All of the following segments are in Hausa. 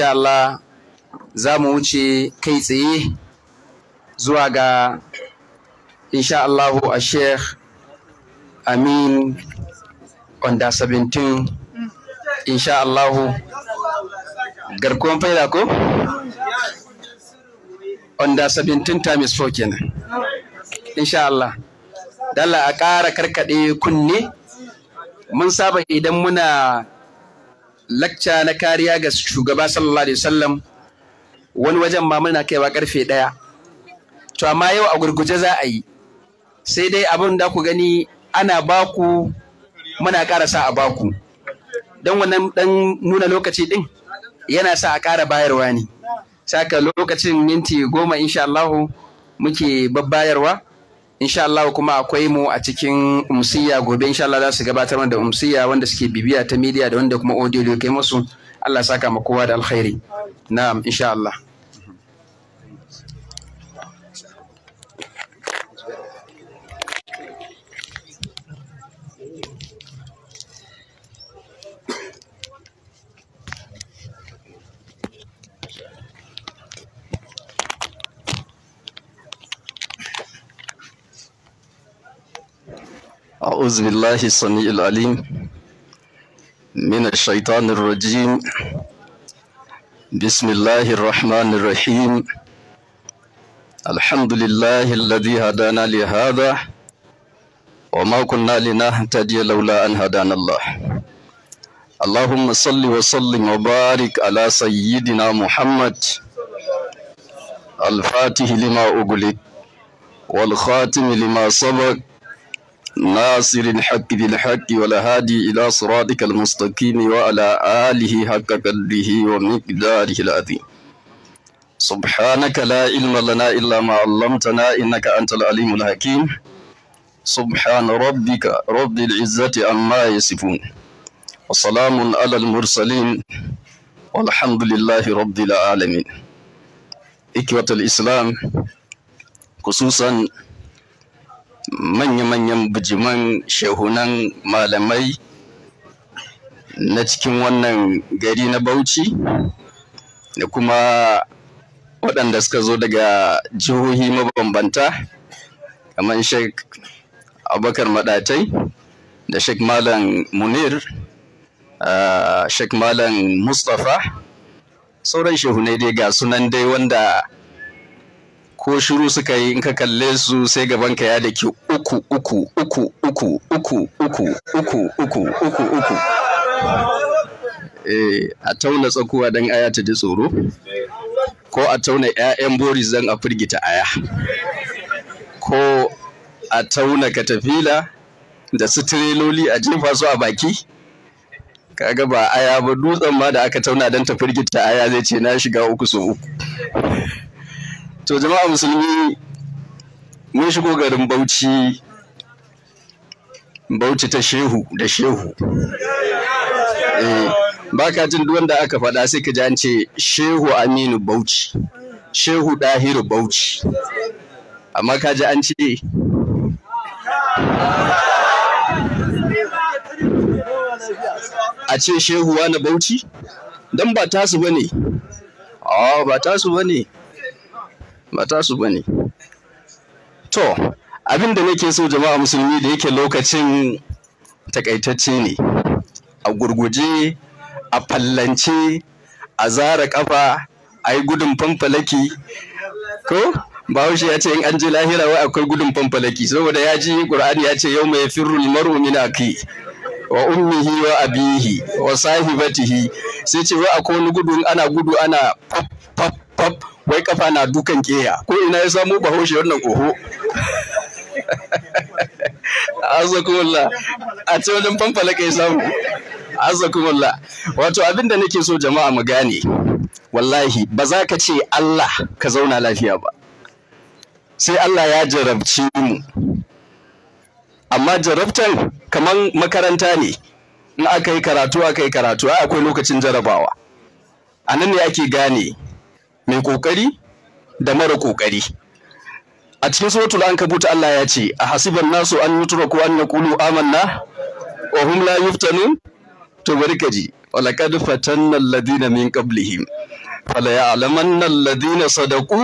insha Allah za mu wuce kai tsaye zuwa ga insha Allah a Sheikh Amin onda 17 insha Allah garkuwan faida ko onda 17 times 4 kenan insha Allah dalla a ƙara karkaɗe kunne mun saba idan muna lakca na kariya ga shugaba sallallahu alaihi wasallam wani wajen ma muna kaiwa karfe ɗaya to amma yau a gurguje za a yi sai dai abin da ku gani ana baku muna ƙara sa a baku don wannan dan nuna lokaci ɗin yana sa a ƙara bayarwa ne saka lokacin minti goma insha Allah muke babbayarwa insha Allah kuma akwai mu a cikin umsiya gobe insha Allah za su gabatar da umsiya wanda suke bibiya ta media da wanda kuma audio da kai musu Allah saka ma kowa da alkhairi na'am insha Allah أعوذ بالله السميع العليم من الشيطان الرجيم بسم الله الرحمن الرحيم الحمد لله الذي هدانا لهذا وما كنا لنهتدي لولا أن هدانا الله اللهم صل وسلم وبارك على سيدنا محمد الفاتح لما أغلق والخاتم لما سبق ناصر الحق بالحق ولا هادي إلى صراطك المستقيم وعلى آله حق قدره ومقداره العظيم سبحانك لا علم لنا إلا ما علمتنا إنك أنت العليم الحكيم سبحان ربك رب العزة عما يصفون وسلام على المرسلين والحمد لله رب العالمين إخوة الإسلام خصوصاً manya-manyan bijiman shehunan malamai na cikin wannan gari na Bauchi da kuma waɗanda suka zo daga jihohi mabambanta kamar Sheikh Abubakar Madatai da Sheikh Malam Munir ah, Sheikh Malam Mustapha sauran shehunai dai ga sunan dai wanda ko shiru suka yi in ka kalle su sai gaban ka ya da ki uku uku uku uku uku uku uku uku uku uku eh, a tauna tsakuwa dan aya ta ji tsoro ko a tauna 'ya'yan boris dan a firgita aya ko a tauna katafila da su tireloli a jefa su a baki kaga ba aya ba dutsen ma da aka tauna dan ta firgita aya zai ce na shiga uku so uku to jama'a musulmi mun shigo garin bauchi bauchi ta shehu da shehu eh, ba ka jin wanda aka faɗa sai ka ji an ce shehu aminu bauchi shehu Dahiru bauchi amma ka ji an ce a ce shehu wani bauchi don ba tasu ba ne ba tasu ba ne ba su ba ne to abin da nake so jama'a musulmi da yake lokacin takaitacce ne a gurguje a fallance a zara kafa a yi gudun fanfalaki ko bahaushe ya ce in an je lahira wai akwai gudun fanfalaki saboda ya ji qur'ani ya ce yau mai firru mar'u min aki wa ummihi wa abihi wa sahibatihi sai ce wai akwai wani gudu ana gudu ana wai kafa na dukan keya ko ina ya samu bahaushe wannan oho azakumullah a ce wajen fanfala kai samu azakumullah wato abin da nake so jama'a mu gane wallahi ba za ka ce Allah ka zauna lafiya ba sai Allah ya jarabci mu amma jarabtan kamar makaranta ne in aka yi karatu aka yi karatu akwai lokacin jarabawa a nan ne ake gane mai kokari da mara kokari a cikin suratul ankabut Allah ya ce a hasiban nasu an yutraku an yaqulu amanna wa hum la yuftanun to bari ka ji walaqad fatanna alladhina min qablihim fala ya'lamanna alladhina sadaqu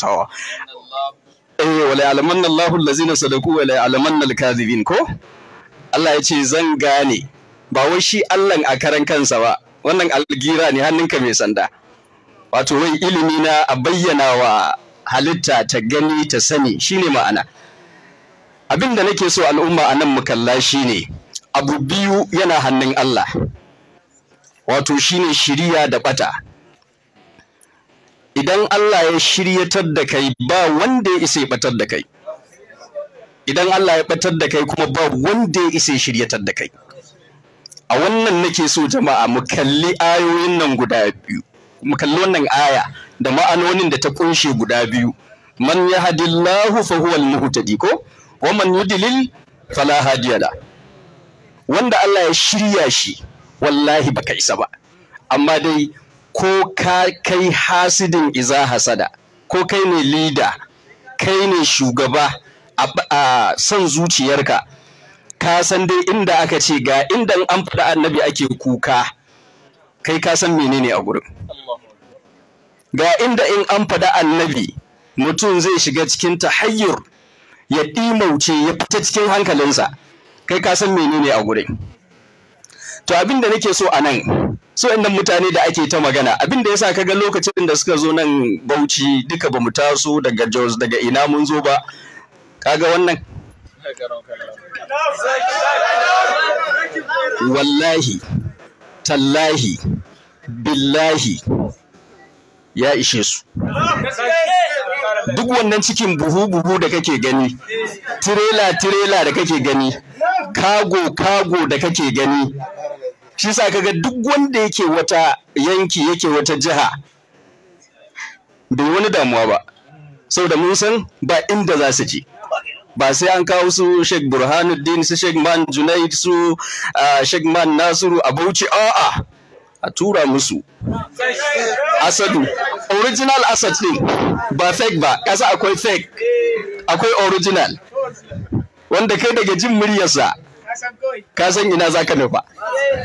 tawa eh wala ya'lamanna Allahu alladhina sadaqu wala ya'lamanna al ko Allah ya ce zan gane ba wai shi Allah a karan kansa ba wannan algira ne hannunka mai sanda wato wai ilimi na a bayyana wa halitta ta gani ta sani shine ma'ana abin da nake so al'umma a nan mu kalla shine abu biyu yana hannun Allah wato shine shiriya da bata idan Allah ya shiryatar da kai ba wanda ya isa ya batar da kai idan Allah ya batar da kai kuma ba wanda ya isa ya shiryatar da kai a wannan nake so jama'a mu kalli ayoyin nan guda biyu mu kalli wannan aya da ma'anonin da ta kunshe guda biyu man yahdillahu fa huwal muhtadi ko wa man yudlil fala hadiya la wanda Allah ya shirya shi wallahi baka isa ba amma dai ko ka kai hasidin iza hasada ko kai ne leader kai ne shugaba a son zuciyarka ka san dai inda aka ce ga inda an faɗa annabi ake kuka kai ka san menene a gurin ga inda in an faɗa annabi mutum zai shiga cikin tahayyur ya ɗimauce ya fita cikin hankalinsa kai ka san menene a gurin to abin da nake so a nan so inda mutane da ake ta magana abin da yasa kaga lokacin da suka zo nan Bauchi duka bamu taso daga Jos daga ina mun zo ba kaga wannan wallahi tallahi billahi ya ishe su duk wannan cikin buhu-buhu da kake gani tirela-tirela da kake gani kago-kago da kake gani shi sa kaga duk wanda yake wata yanki yake wata jiha bai wani damuwa ba saboda mun san ba inda za su je ba sai an kawo su Sheikh Burhanuddin su Sheikh Man Junaid su Sheikh Man Nasiru a Bauchi a'a a tura musu Asadu original Asad din ba fake ba kasa akwai fake akwai original wanda kai daga jin muryarsa ka san ina zaka nufa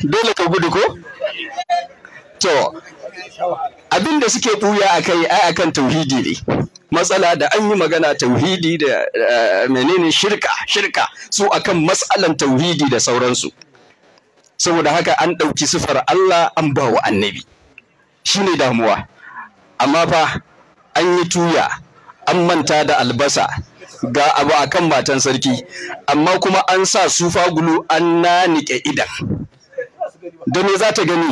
dole ka gudu ko to abin da suke ɓuya a kai ai akan tauhidi ne matsala da an yi magana tauhidi da eh, menene shirka shirka su akan matsalan tauhidi da sauransu saboda haka an ɗauki sifar Allah an ba wa annabi ne damuwa amma fa an yi tuya an manta da albasa ga abu akan matan sarki amma kuma an sa sufa gulu an nanike idan da me za ta gani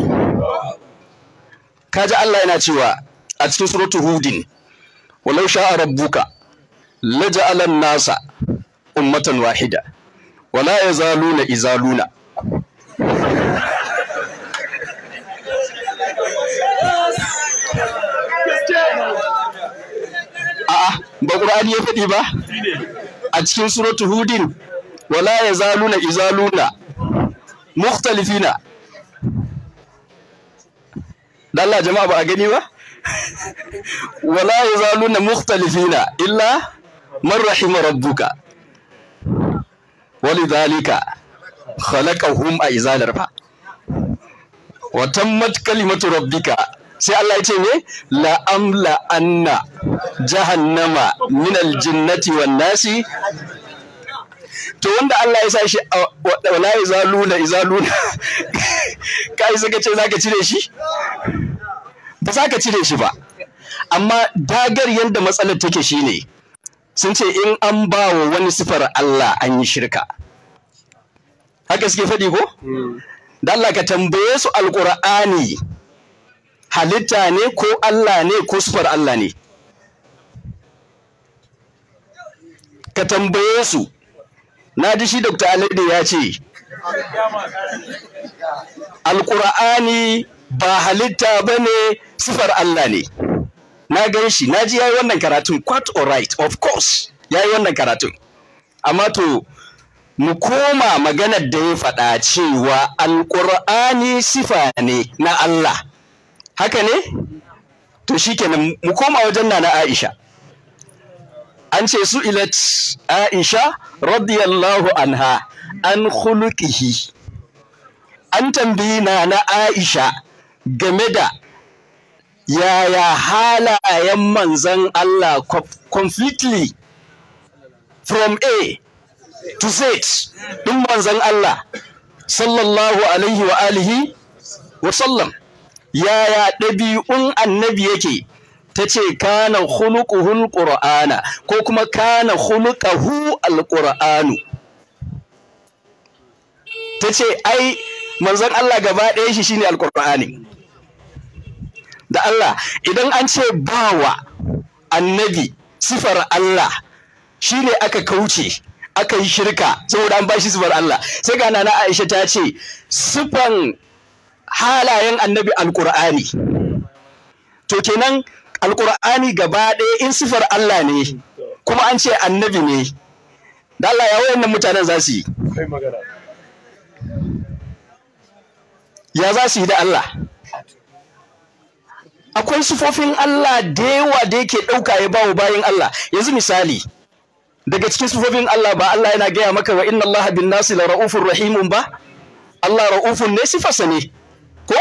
kaji Allah yana cewa a cikin suratu hudin walau sha'a rabbuka laja'ala nasa ummatan wahida wala yazaluna izaluna a'a ba qur'ani ya faɗi ba a cikin suratu hudin wala yazaluna izaluna mukhtalifina dalla jama'a ba a gani ba wala yazaluna mukhtalifina illa man rahima rabbuka walidhalika khalaqahum a izalar fa wa tammat kalimatu rabbika sai Allah ya ce me la amla anna jahannama min aljinnati wan nasi to wanda Allah ya sa shi wala izaluna izaluna kai ka ce zaka cire shi ba za ka cire shi ba amma dagar yadda matsalar take shine sun ce in an ba wani sifar Allah an yi shirka haka suke faɗi ko hmm. da Allah ka tambaye su alƙur'ani halitta ne ko Allah ne ko sifar Allah ne ka tambaye su na ji shi Dr. Alade ya ce alƙur'ani ba halitta ba ne sifar Allah ne na gan shi na ji yi wannan karatun quite alright of course yayi wannan karatun amma to mu koma maganar da ya faɗa cewa alƙur'ani sifa ne na Allah haka ne to shikenan mu koma wajen na na Aisha an ce su ilat Aisha radiyallahu anha an khuluqihi an tambayi na Aisha game da yaya halayen manzan Allah completely from A to Z ɗin manzan Allah sallallahu alaihi wa alihi wa sallam yaya ɗabi'un annabi yake ta ce kana hulukuhul ƙura'ana ko kuma kana hulukahu alƙura'anu ta ce ai manzan Allah gaba ɗaya shi shine alƙura'ani da Allah idan an ce bawa annabi sifar Allah shi ne aka kauce aka yi shirka saboda an bashi sifar Allah sai ga nana Aisha ta ce sifan halayen annabi alqur'ani to kenan alqur'ani gaba ɗaya in sifar Allah ne kuma an ce annabi ne da Allah ya wayannan mutanen za su yi ya za su yi da Allah akwai sufofin Allah da yawa da yake ɗauka ya bawa bayan Allah yanzu misali daga cikin sufofin Allah ba Allah yana gaya maka wa inna Allah bin nasi la ra'ufur rahimun ba Allah ra'ufun ne sifarsa ne ko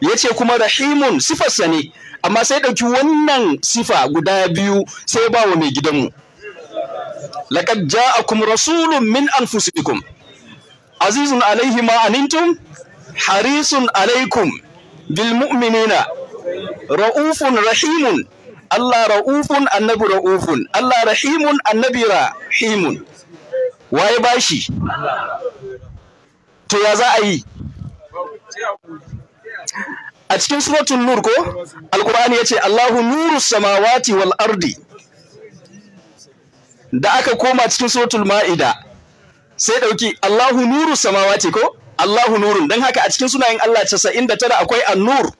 ya ce kuma rahimun sifarsa ne amma sai ɗauki wannan sifa guda biyu sai ba wa mai gidanmu laqad ja'akum rasulun min anfusikum azizun alaihi ma harisun alaikum bil mu'minina ra'ufun rahimun Allah ra'ufun annabi ra'ufun Allah rahimun annabi rahimun waye bashi to ya za a yi a cikin suratul nur ko alqur'ani yace Allahu nuru samawati wal ardi da aka koma cikin suratul ma'ida sai dauki Allahu nuru samawati ko Allahu nurun dan haka a cikin sunayen Allah 99 akwai an-nur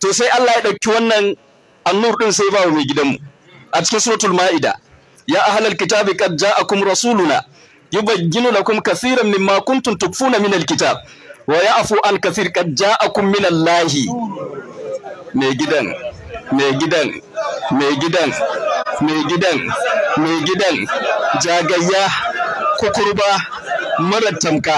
to sai Allah ya ɗauki wannan annur ɗin sai ba wa mai gidanmu a cikin suratul ma'ida ya ahlal kitabi qad ja'akum rasuluna yubayyinu lakum kaseeran mimma kuntum tukfuna min alkitab wa ya'fu an kaseer qad ja'akum min Allah mai gidan mai gidan mai gidan mai gidan mai gidan jagayya kukurba mara tamka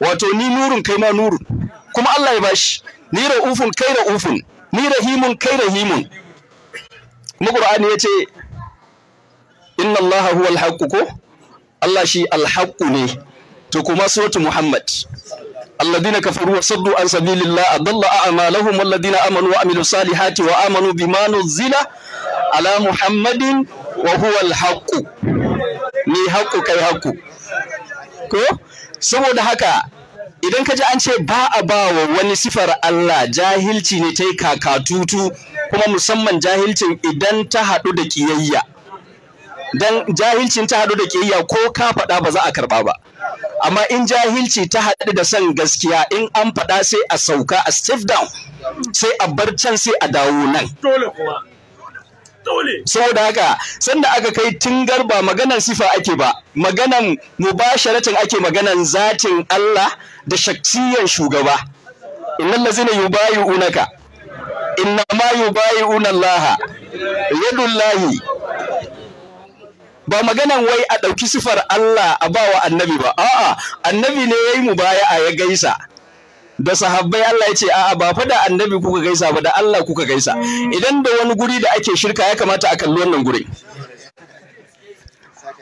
wato ni nurun kai ma nurun kuma Allah ya bashi ni da ufun kai da ufun. ni da himun kai da himun. kuma Qur'ani yace inna Allah huwa al ko Allah shi al ne to kuma suratu Muhammad alladhina kafaru wa saddu an sabilillah adalla a'malahum walladhina amanu wa amilus salihati wa amanu bima nuzila ala Muhammadin wa huwa al ni haqqu kai haqqu ko saboda haka idan ka ji an ce ba a ba wa wani sifar Allah jahilci ne ta yi kakatutu kuma musamman jahilcin idan ta haɗu da ƙiyayya dan jahilcin ta haɗu da ƙiyayya ko ka faɗa ba za a karɓa ba amma in jahilci ta haɗu da son gaskiya in an faɗa sai a sauka a step down sai a bar can sai a dawo nan saboda haka sanda aka kai tingar garba maganar sifa ake ba maganan mubasharatan ake maganan zatin Allah da shakciyar shugaba innal ladzina yubayi'unaka innama yubayi'una Allah yadullahi ba maganan wai a ɗauki sifar Allah a bawa annabi ba a'a annabi ne yayi mubaya'a ya gaisa da sahabbai Allah ya ce a'a ba fa da annabi kuka gaisa ba da Allah kuka gaisa idan da wani guri da ake shirka ya kamata a kalli wannan gurin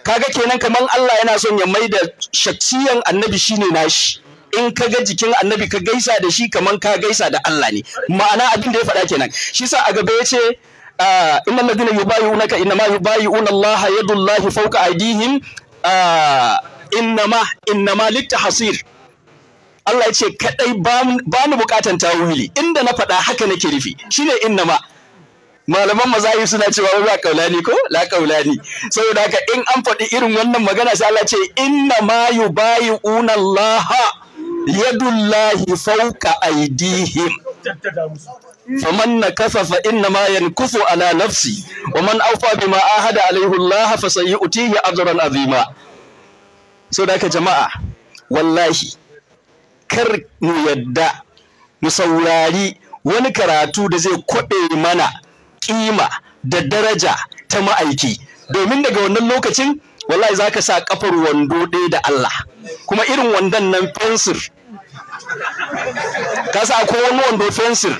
kaga kenan kaman Allah yana son ya maida shaksiyan annabi shine nashi in ka ga jikin annabi ka gaisa da shi kaman ka gaisa da Allah ne ma'ana abin da ya faɗa kenan shi sa a gaba ya ce ah, inna alladhina yubayyi'unaka innama yubayyi'una Allah yadullahi fawqa aydihim inna ah, innama litahsir Allah ya ce kadai ba mu bukatan tawili inda na faɗa haka nake rufi shine inna ma malaman mazayi suna cewa ba ba kaulani ko la kaulani saboda haka in an faɗi irin wannan magana sai Allah ce inna ma yubayi'una Allah yadullahi fawqa aydihim faman nakasa fa inna ma yankufu ala nafsi wa man awfa bima ahada alayhi Allah fa sayu'tihi ajran azima saboda haka jama'a wallahi kar mu yadda mu saurari wani karatu da zai kwaɗe mana ƙima da daraja ta ma'aiki domin daga wannan lokacin wallahi za ka sa kafar wando ɗaya da Allah kuma irin wandon nan fensir ka sa ko wani wando fensir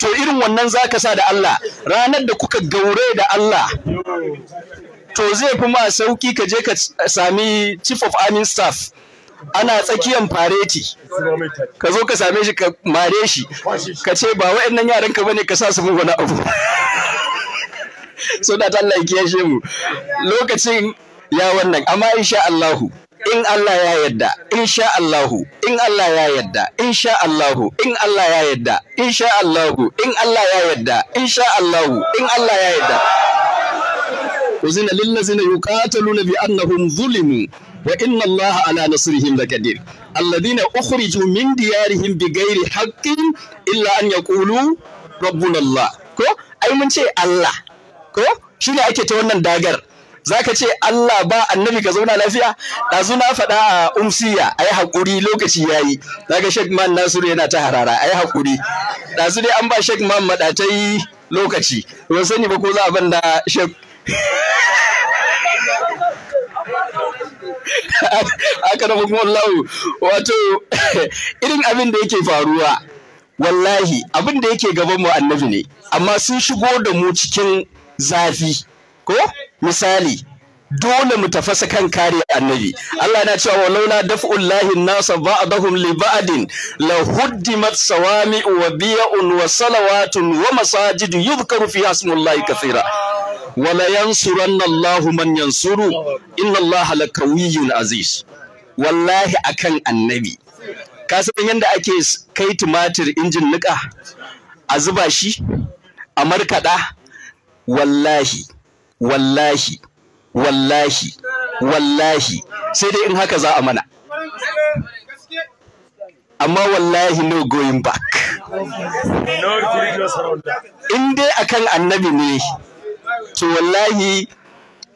to irin wannan za ka sa da Allah ranar da kuka gaure da Allah to zai fi ma sauki ka je ka sami chief of army staff ana tsakiyan fareti ka zo ka same shi ka mare shi ka ce ba wa'annan yaran ka bane ka sa su mun wani abu so da Allah ya kiyashe mu lokacin ya wannan amma insha Allahu in Allah ya yadda insha Allahu in Allah ya yadda insha Allahu in Allah ya yadda insha Allahu in Allah ya yadda insha Allahu in Allah ya yadda uzina lillazina yuqataluna bi annahum zulimu wa inna allaha ala nasrihim laqadir alladhina ukhriju min diyarihim bighairi haqqin illa an yaqulu rabbuna allah ko ai mun ce allah ko ne ake ta wannan dagar zaka ce Allah ba annabi ka zauna lafiya ɗazu na faɗa a umsiya ayi haƙuri lokaci yayi zaka shek Man Nasiru yana ta harara ayi haƙuri ɗazu dai an ba shek Man maɗatai lokaci ban sani ba ko za a da shek. aka da kuma lau wato irin abin da yake faruwa wallahi abin da yake gaban mu annabi ne amma sun shigo da mu cikin zafi ko misali dole mu tafasa kan kare annabi Allah yana cewa laula daf'ul lahi nasa ba'dahum li ba'din la huddimat sawami'u wa biya'un wa salawatun wa masajidu yudhkaru fiha ismullahi kafira. wala yansuranna Allahu man yansuru inna Allaha lakawiyyun aziz wallahi akan annabi ka san yanda ake kai tumatir injin nika a zuba shi a markada wallahi wallahi wallahi wallahi sai dai in haka za a mana amma wallahi no going back in dai akan annabi ne to wallahi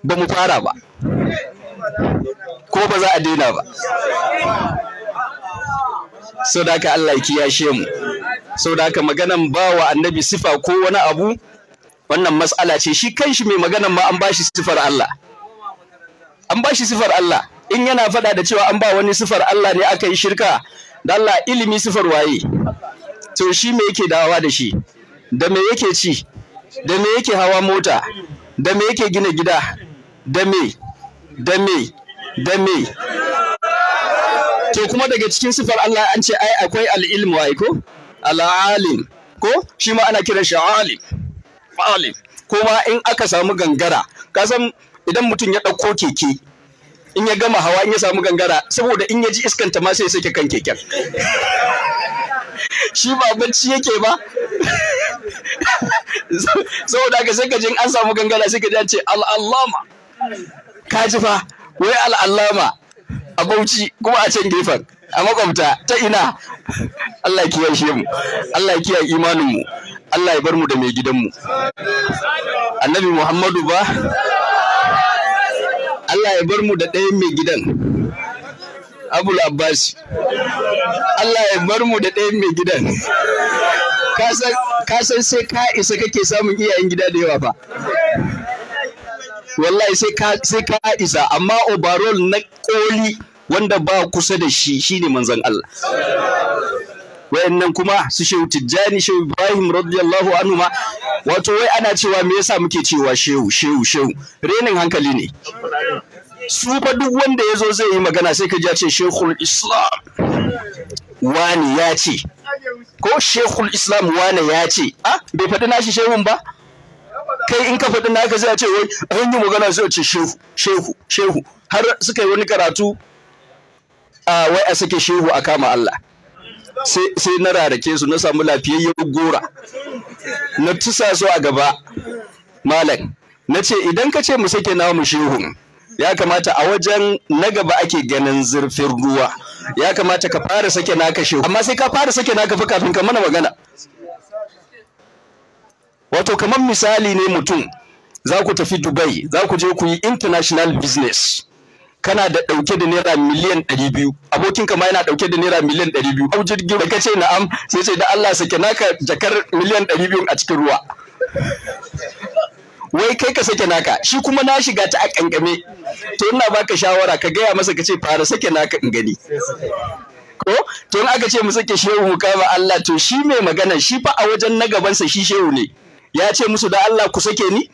ba mu fara ba ko ba za a daina ba sau da haka Allah ya kiyashe mu sau da haka maganan ba wa annabi sifa ko wani abu wannan matsala ce shi kanshi mai maganan ma an ba shi sifar Allah an ba shi sifar Allah in yana faɗa da cewa an ba wani sifar Allah ne aka yi shirka da Allah ilimi sifar waye to shi me yake dawa da shi da me yake ci da me yake hawa mota da me yake gina gida da me da me da me to kuma daga cikin sifar Allah an ce ai akwai al-ilmu ai ko al-alim ko shi ma ana kiran shi alim alim kuma in aka samu gangara kasan idan mutum ya ɗauko keke in ya gama hawa in ya samu gangara saboda in ya ji iskanta ma sai sake kan keken shi ba bacci yake ba saboda ka sai ka jin an samu gangara sai ka ji an ce al'allama ka ji fa wai al'allama a bauchi kuma a can gefen a makwabta ta ina Allah ya kiyaye mu Allah ya kiyaye imanin mu Allah ya bar mu da mai gidan mu Annabi Muhammadu ba Allah ya bar mu da ɗayan mai gidan Abul Abbas Allah ya bar mu da ɗayan mai gidan ka san sai ka isa kake samun iyayen gida da yawa fa wallahi sai ka sai ka isa amma obarol na koli wanda ba kusa da shi shine manzon Allah wayannan kuma su Shehu Tijjani Shehu Ibrahim radiyallahu anhu ma wato wai ana cewa me yasa muke cewa shehu shehu shehu renin hankali ne su fa duk wanda ya zo zai yi magana sai ka ji ya ce shehul islam wani ya ce ko shehul islam wani ya ce a ah, bai faɗi nashi shehun ba kai in ka faɗi naka sai a ce wai an yi magana sai a ce shehu shehu shehu har suka yi wani karatu a ah, wai a sake shehu a kama Allah sai na rarake su na samu lafiyayyen gora na tusa su a gaba malam na ce idan ka ce mu sake na mu shehun ya kamata a wajen na gaba ake ganin zurfin ruwa ya kamata ka fara sake naka shehu amma sai ka fara sake naka fi kafin ka mana magana wato kamar misali ne mutum za ku tafi dubai za ku je ku yi international business kana da ɗauke da naira miliyan ɗari biyu abokinka ma yana ɗauke da naira miliyan ɗari biyu hau jirgin ka ce na'am sai ce da Allah sake naka jakar miliyan ɗari biyu a cikin ruwa wai kai ka sake naka shi kuma na shiga ta a ƙanƙame. to ina baka shawara ka gaya masa ka ce fara sake naka in gani ko to in aka ce mu sake shehu mu kama Allah to shi mai magana shi fa a wajen na gabansa shi shehu ne ya ce musu da Allah ku sake ni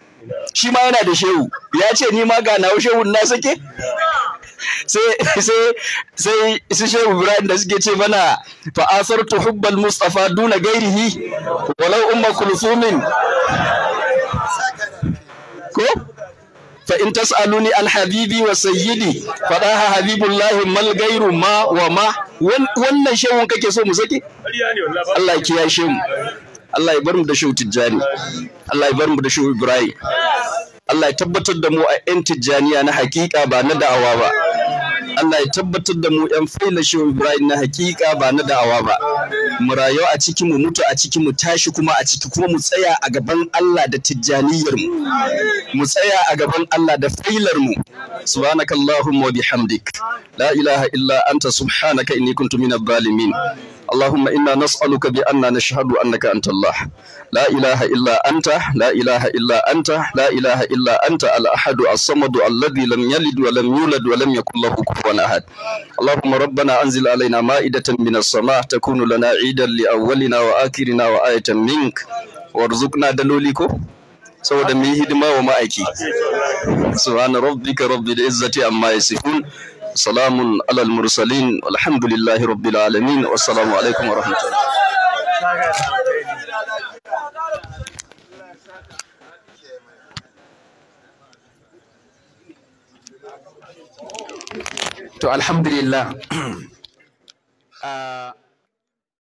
shi ma yana da shehu ya ce ni ma ga nawo shehun na sake sai su shehu ibrahim da suke ce mana fa asartu hubbal mustafa duna gairihi walau umma kulsumin ko fa in tas'aluni al habibi wa sayyidi fa habibullahi mal gairu ma wa ma wannan shehun kake so mu sake Allah ya kiyashe mu Allah ya bar mu da shehu tijjani Allah ya bar mu da shehu ibrahim Allah ya tabbatar da mu a yan tijjaniya na hakika ba na da'awa ba Allah ya tabbatar da mu yan faila shehu ibrahim na hakika ba na da'awa ba mu rayu a ciki mu mutu a ciki mu tashi kuma a ciki kuma mu tsaya a gaban Allah da tijjaniyar mu mu tsaya a gaban Allah da failar mu subhanakallahumma wa bihamdik la ilaha illa anta subhanaka inni kuntu minadh dhalimin اللهم إنا نسألك بأننا نشهد أنك أنت الله لا إله إلا أنت لا إله إلا أنت لا إله إلا أنت الأحد الصمد الذي لم يلد ولم يولد ولم يكن له كفوا أحد اللهم ربنا أنزل علينا مائدة من السماء تكون لنا عيدا لأولنا وآخرنا وآية منك وارزقنا دلولكم saboda mu yi hidima wa ma'aiki subhana rabbika rabbil izzati amma yasifun سلام على المرسلين والحمد لله رب العالمين والسلام عليكم ورحمة الله الحمد لله آه،